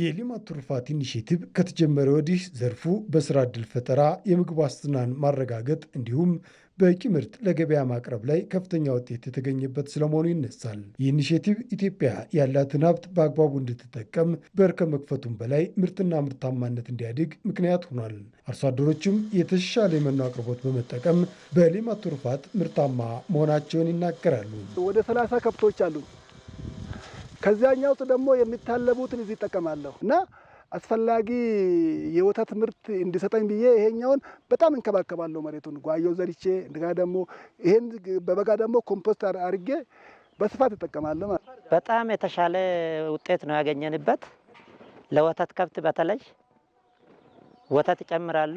የሌማት ትሩፋት ኢኒሽቲቭ ከተጀመረ ወዲህ ዘርፉ በስራ ዕድል ፈጠራ፣ የምግብ ዋስትናን ማረጋገጥ እንዲሁም በቂ ምርት ለገበያ ማቅረብ ላይ ከፍተኛ ውጤት የተገኘበት ስለመሆኑ ይነሳል። ይህ ኢኒሽቲቭ ኢትዮጵያ ያላትን ሀብት በአግባቡ እንድትጠቀም በር ከመክፈቱም በላይ ምርትና ምርታማነት እንዲያድግ ምክንያት ሆኗል። አርሶ አደሮችም የተሻለ የመኖ አቅርቦት በመጠቀም በሌማት ትሩፋት ምርታማ መሆናቸውን ይናገራሉ። ወደ ሰላሳ ከብቶች አሉ ከዚያኛው ደግሞ የሚታለቡትን እዚህ ይጠቀማለሁ እና አስፈላጊ የወተት ምርት እንዲሰጠኝ ብዬ ይሄኛውን በጣም እንከባከባለሁ። መሬቱን ጓዮ ዘርቼ እንደገና ደግሞ ይሄን በበጋ ደግሞ ኮምፖስት አድርጌ በስፋት ይጠቀማለሁ ማለት ነው። በጣም የተሻለ ውጤት ነው ያገኘንበት። ለወተት ከብት በተለይ ወተት ይጨምራሉ።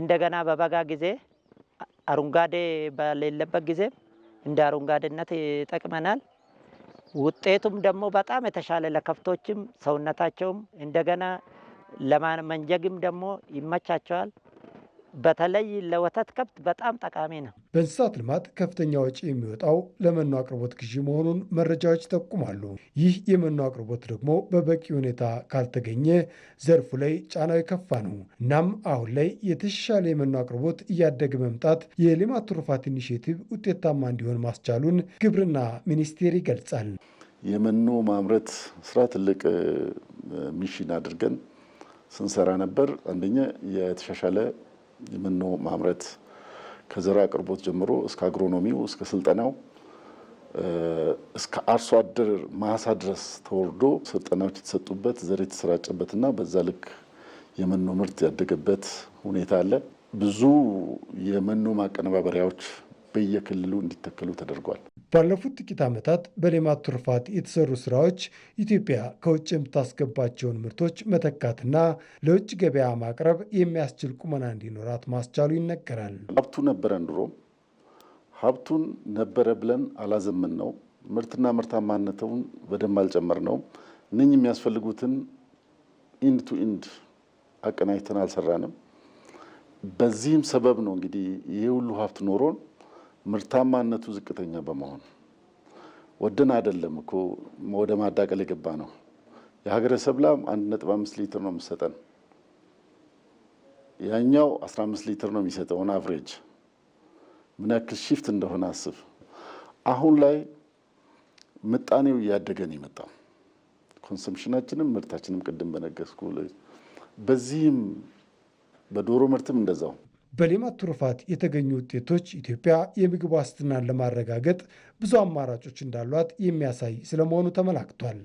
እንደገና በበጋ ጊዜ አረንጓዴ በሌለበት ጊዜ እንደ አረንጓዴነት ይጠቅመናል። ውጤቱም ደግሞ በጣም የተሻለ ለከብቶችም ሰውነታቸውም እንደገና ለማመንጀግም ደግሞ ይመቻቸዋል። በተለይ ለወተት ከብት በጣም ጠቃሚ ነው። በእንስሳት ልማት ከፍተኛ ወጪ የሚወጣው ለመኖ አቅርቦት ግዢ መሆኑን መረጃዎች ይጠቁማሉ። ይህ የመኖ አቅርቦት ደግሞ በበቂ ሁኔታ ካልተገኘ ዘርፉ ላይ ጫናው የከፋ ነው። እናም አሁን ላይ የተሻለ የመኖ አቅርቦት እያደገ መምጣት የልማት ትሩፋት ኢኒሽቲቭ ውጤታማ እንዲሆን ማስቻሉን ግብርና ሚኒስቴር ይገልጻል። የመኖ ማምረት ስራ ትልቅ ሚሽን አድርገን ስንሰራ ነበር። አንደኛ የተሻሻለ የመኖ ማምረት ከዘር አቅርቦት ጀምሮ እስከ አግሮኖሚው እስከ ስልጠናው እስከ አርሶ አደር ማሳ ድረስ ተወርዶ ስልጠናዎች የተሰጡበት ዘር የተሰራጨበትና በዛ ልክ የመኖ ምርት ያደገበት ሁኔታ አለ። ብዙ የመኖ ማቀነባበሪያዎች በየክልሉ እንዲተከሉ ተደርጓል። ባለፉት ጥቂት ዓመታት በሌማት ትሩፋት የተሰሩ ስራዎች ኢትዮጵያ ከውጭ የምታስገባቸውን ምርቶች መተካትና ለውጭ ገበያ ማቅረብ የሚያስችል ቁመና እንዲኖራት ማስቻሉ ይነገራል። ሀብቱ ነበረን፣ ድሮም ሀብቱን ነበረ ብለን አላዘምን ነው ምርትና ምርታማነተውን በደንብ አልጨመር ነው። እነኝህ የሚያስፈልጉትን ኢንድ ቱ ኢንድ አቀናጅተን አልሰራንም። በዚህም ሰበብ ነው እንግዲህ ይህ ሁሉ ሀብት ኖሮን ምርታማነቱ ዝቅተኛ በመሆን ወደን አይደለም እኮ ወደ ማዳቀል የገባ ነው። የሀገረ ሰብላም አንድ ነጥብ አምስት ሊትር ነው የምሰጠን፣ ያኛው 15 ሊትር ነው የሚሰጠውን አቨሬጅ ምን ያክል ሺፍት እንደሆነ አስብ። አሁን ላይ ምጣኔው እያደገን የመጣው ኮንሰምፕሽናችንም ምርታችንም ቅድም በነገስኩ በዚህም በዶሮ ምርትም እንደዛው በሌማት ትሩፋት የተገኙ ውጤቶች ኢትዮጵያ የምግብ ዋስትናን ለማረጋገጥ ብዙ አማራጮች እንዳሏት የሚያሳይ ስለመሆኑ ተመላክቷል።